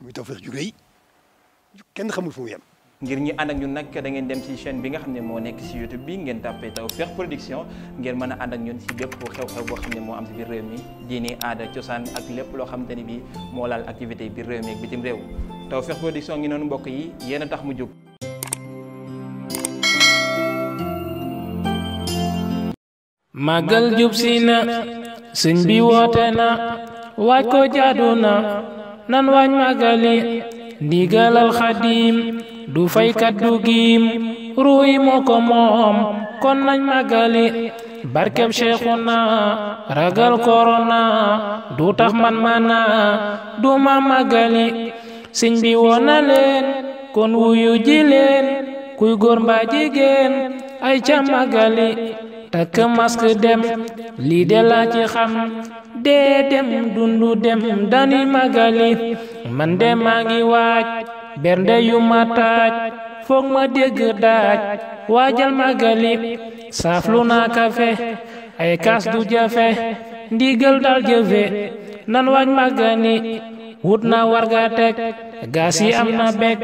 muy Tawfekh ju rëy kenn xamul fu mu ngir ñi ànd ak ñun nag da dem ci chaîne bi nga xam ne moo nekk ci YouTube bi ngeen tàppee Tawfekh Production ngeen mën a ànd ak ñun ci bépp xew-xew boo xam ne moo am ci biir réew mi diini aada cosaan ak lépp loo xamante ni bi moo laal activité biir réew mi ak bitim réew Tawfekh Production ngi noonu mbokk yi yéen a tax mu jóg. màggal jub si na sëñ bi woote na waaj ko jaadu na. nan wañ màggali ndigalal xadiim du faykat du giim ruuy moo ko moom kon nañ màggali barkeb Seexuna ragal korona du tax man mana du ma màggali sëñ bi woon na leen kon wuyu ji kuy góor mbaa jigéen ay ca màggali takk masque dem lii xam dee dem dundu dem danuy magali man de maa ngi waaj bernde yu ma taaj foog ma dégg daaj waajal magali saaflu naa kafe ay kaas du jafe ndigal dal jëfe nan waaj magali wut na warga teg gaas yi am na bég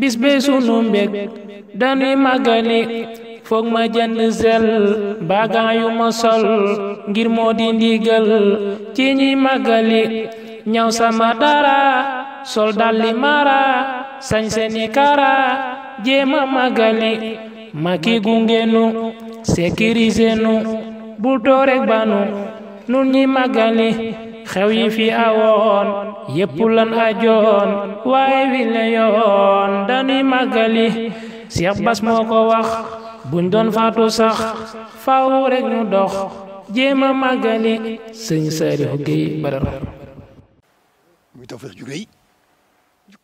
bis sunu mbég danuy magali foog ma jënd sel bagaayu ma sol ngir moo di ndigal ci ñi màggali ñaw sama dara sol dalli mara sañ kara jéema màggali ma ki gungenu sécurisé nu bul too rek banu nun ñi màggali xew yi fi awoon yépp lan ajoon waaye wi le yoon dañuy màggali Seex Bas moo ko wax buñ doon faatu sax faaw rek ñu dox jéem a màggali sëñ Saliou Guèye Badara. muy Tawfekh ju rëy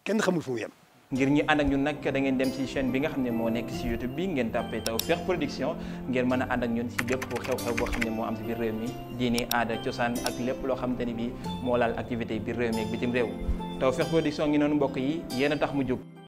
kenn xamul fu mu yem. ngir ñi ànd ak ñun nag da ngeen dem ci chaine bi nga xam ne moo nekk ci YouTube bi ngeen tàppee Tawfekh Production ngeen mën a ànd ak ñun ci bépp xew-xew boo xam ne moo am ci biir réew mi diini aada cosaan ak lépp loo xamante ni bi moo laal activité biir réew mi ak bitim réew Tawfekh Production ngi noonu mbokk yi yéen a tax mu jóg.